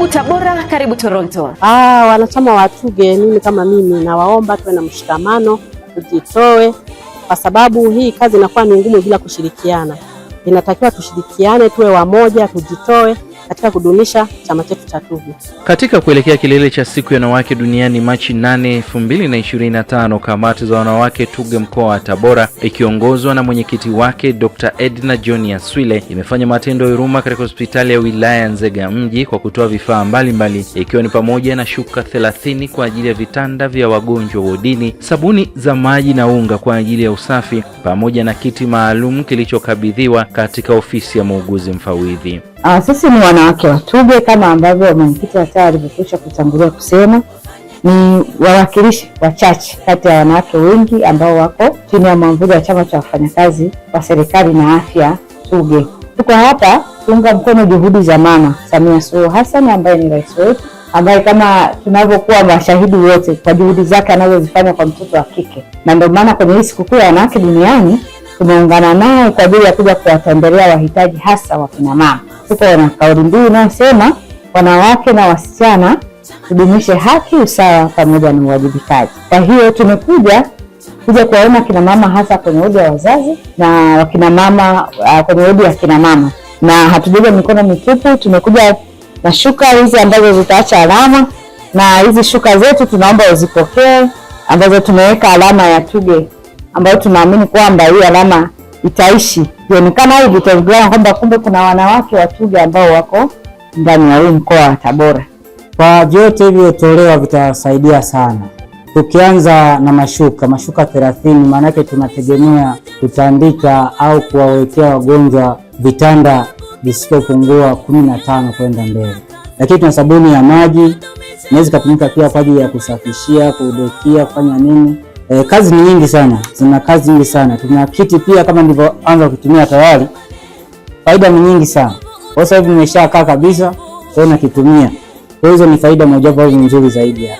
Karibu Tabora, karibu Toronto. Ah, wanachama wa Tuge, mimi kama mimi nawaomba tuwe na mshikamano, tujitoe, kwa sababu hii kazi inakuwa ni ngumu bila kushirikiana. Inatakiwa tushirikiane, tuwe wamoja, tujitoe katika kudumisha chama chetu cha TUVU. Katika kuelekea kilele cha siku ya wanawake duniani Machi 8, 2025, kamati za wanawake TUGHE mkoa wa Tabora ikiongozwa na mwenyekiti wake Dr. Edna John Aswile imefanya matendo ya huruma katika hospitali ya wilaya ya Nzega mji kwa kutoa vifaa mbalimbali ikiwa ni pamoja na shuka 30 kwa ajili ya vitanda vya wagonjwa wodini, sabuni za maji na unga kwa ajili ya usafi pamoja na kiti maalum kilichokabidhiwa katika ofisi ya muuguzi mfawidhi. Aa, ah, sisi ni wanawake wa Tuge kama ambavyo mwenyekiti wa tawi alivyokwisha kutangulia kusema, ni wawakilishi wachache kati ya wanawake wengi ambao wako chini ya mwamvuli wa chama cha wafanyakazi wa serikali na afya Tuge. Tuko hapa kuunga mkono juhudi za Mama Samia Suluhu Hassan ambaye ni rais wetu, ambaye kama tunavyokuwa mashahidi wote kwa juhudi zake anazozifanya kwa mtoto wa kike, na ndio maana kwenye hii sikukuu ya wanawake duniani tumeungana naye kwa ajili ya kuja kuwatembelea wahitaji hasa mama kuko na kauli mbiu inayosema wanawake na wasichana tudumishe haki, usawa pamoja na uwajibikaji. Kwa hiyo tumekuja kuja kuwaona mama hasa kwenye wodi ya wazazi na mama uh, kwenye wodi ya mama, na hatujaja mikono mitupu. Tumekuja na shuka hizi ambazo zitaacha alama, na hizi shuka zetu tunaomba uzipokee, ambazo tumeweka alama ya tuge ambayo tunaamini kwamba hii alama itaishi ionekana hivi, itaonekana kwamba kumbe kuna wanawake wachuga ambao wako ndani ya huu mkoa wa Tabora. Kwa vyote hivyotolewa vitasaidia sana. Tukianza na mashuka, mashuka thelathini, maanake tunategemea kutandika au kuwawekea wagonjwa vitanda visivyopungua kumi na tano kwenda mbele, lakini tuna sabuni ya maji inaweza ikatumika pia kwa ajili ya kusafishia, kudekia, kufanya nini E, kazi ni nyingi sana, zina kazi nyingi sana. Tuna kiti pia kama nilivyoanza kutumia tayari, faida ni nyingi sana. Kwa sasa hivi nimeshakaa kabisa, kwa nakitumia. Kwa hizo ni faida mojawapo nzuri zaidi ya, ya,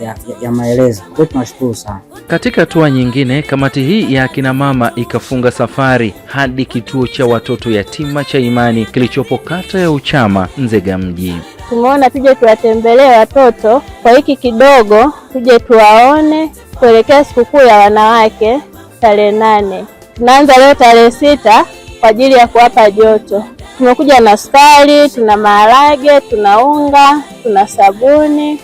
ya, ya, ya maelezo. Kwa tunashukuru sana. Katika hatua nyingine, kamati hii ya akina mama ikafunga safari hadi kituo cha watoto yatima cha Imani kilichopo kata ya Uchama, Nzega mji. Tumeona tuje tuwatembelee watoto kwa hiki kidogo, tuje tuwaone kuelekea sikukuu ya wanawake tarehe nane. Tunaanza leo tarehe sita kwa ajili ya kuwapa joto. Tumekuja na sukari, tuna maharage, tuna unga, tuna sabuni,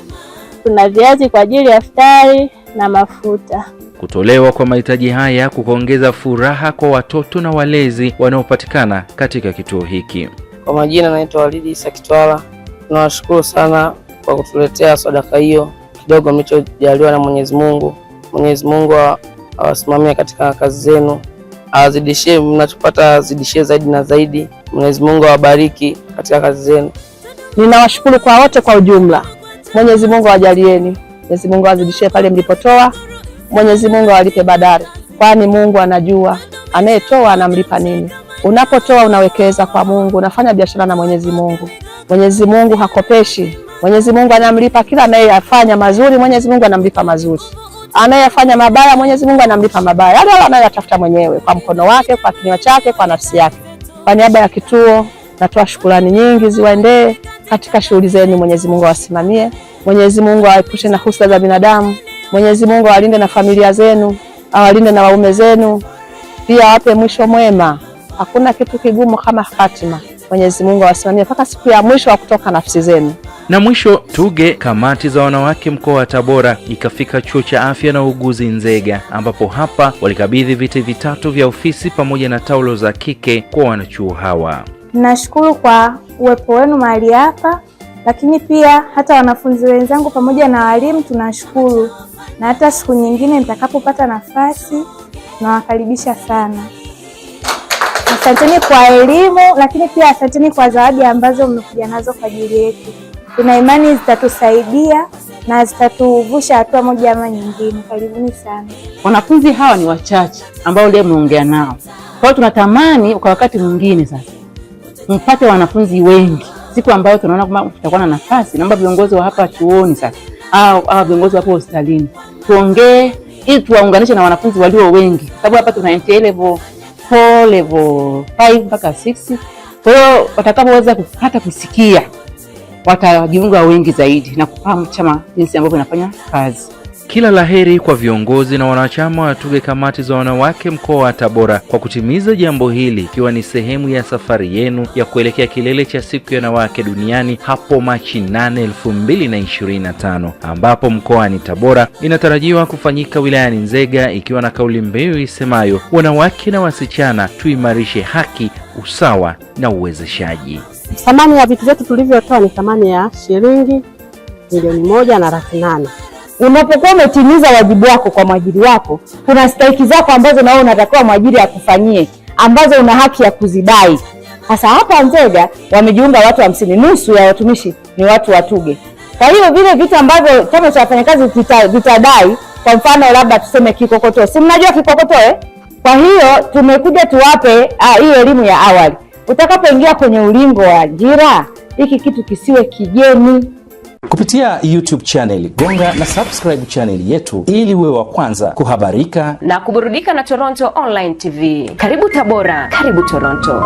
tuna viazi kwa ajili ya futari na mafuta. Kutolewa kwa mahitaji haya kukaongeza furaha kwa watoto na walezi wanaopatikana katika kituo hiki. Kwa majina naitwa Walidi Isa Kitwala. Tunawashukuru sana kwa kutuletea sadaka hiyo kidogo mlichojaliwa na Mwenyezi Mungu. Mwenyezi Mungu awasimamie katika kazi zenu, awazidishie mnachopata, azidishie zaidi na zaidi. Mwenyezi Mungu awabariki katika kazi zenu. Ninawashukuru kwa wote kwa ujumla. Mwenyezi Mungu awajalieni, Mwenyezi Mungu awazidishie pale mlipotoa, Mwenyezi Mungu awalipe badari, kwani Mungu anajua anayetoa anamlipa nini. Unapotoa unawekeza kwa Mungu, unafanya biashara na Mwenyezi Mungu. Mwenyezi Mungu hakopeshi. Mwenyezi Mungu anamlipa kila anayeyafanya mazuri, Mwenyezi Mungu anamlipa mazuri. Anayefanya mabaya Mwenyezi Mungu anamlipa mabaya yale yale anayotafuta mwenyewe kwa mkono wake, kwa kinywa chake, kwa nafsi yake. Kwa niaba ya kituo natoa shukrani nyingi ziwaendee katika shughuli zenu. Mwenyezi Mungu awasimamie, Mwenyezi Mungu awaepushe na husda za binadamu, Mwenyezi Mungu awalinde na familia zenu, awalinde na waume zenu, pia awape mwisho mwema. Hakuna kitu kigumu kama hatima. Mwenyezi Mungu awasimamie mpaka siku ya mwisho wa kutoka nafsi zenu. Na mwisho tuge kamati za wanawake mkoa wa Tabora ikafika chuo cha afya na uguzi Nzega, ambapo hapa walikabidhi viti vitatu vya ofisi pamoja na taulo za kike kwa wanachuo hawa. Nashukuru kwa uwepo wenu mahali hapa, lakini pia hata wanafunzi wenzangu pamoja na walimu tunashukuru, na hata siku nyingine nitakapopata nafasi nawakaribisha sana. Asanteni kwa elimu, lakini pia asanteni kwa zawadi ambazo mmekuja nazo kwa ajili yetu tuna imani zitatusaidia na zitatuvusha hatua moja ama nyingine. Karibuni sana. Wanafunzi hawa ni wachache ambao leo mmeongea nao, kwa hiyo tunatamani kwa wakati mwingine sasa mpate wanafunzi wengi siku ambayo tunaona kwamba tutakuwa na nafasi. Naomba viongozi wa hapa chuoni sasa au au viongozi wapo hospitalini tuongee, ili tuwaunganishe na wanafunzi walio wengi, sababu hapa tuna entry level 4 level 5 mpaka 6. Kwa hiyo watakapoweza kupata kusikia watajiunga wengi zaidi na kufahamu chama jinsi ambavyo inafanya kazi. Kila laheri kwa viongozi na wanachama watuge kamati za wanawake mkoa wa Tabora kwa kutimiza jambo hili, ikiwa ni sehemu ya safari yenu ya kuelekea kilele cha siku ya wanawake duniani hapo Machi 8, 2025 ambapo mkoani Tabora inatarajiwa kufanyika wilayani Nzega, ikiwa na kauli mbiu isemayo wanawake na wasichana tuimarishe haki, usawa na uwezeshaji. Thamani ya vitu vyetu tulivyotoa ni thamani ya shilingi milioni moja na laki nane. Unapokuwa umetimiza wajibu wako kwa mwajiri wako, kuna stahiki zako ambazo nawe unatakiwa mwajiri akufanyie, ambazo una haki ya kuzidai. Sasa hapa Nzega wamejiunga watu hamsini, nusu ya watumishi ni watu wa Tuge. Kwa hiyo vile vitu ambavyo chama cha wafanyakazi vitadai, kwa mfano labda tuseme kikokotoo, si mnajua kikokotoo eh? Kwa hiyo tumekuja tuwape ah, hii elimu ya awali Utakapoingia kwenye ulingo wa ajira, hiki kitu kisiwe kigeni. Kupitia YouTube channel gonga na subscribe channel yetu ili wewe wa kwanza kuhabarika na kuburudika na Toronto Online TV. Karibu Tabora, karibu Toronto.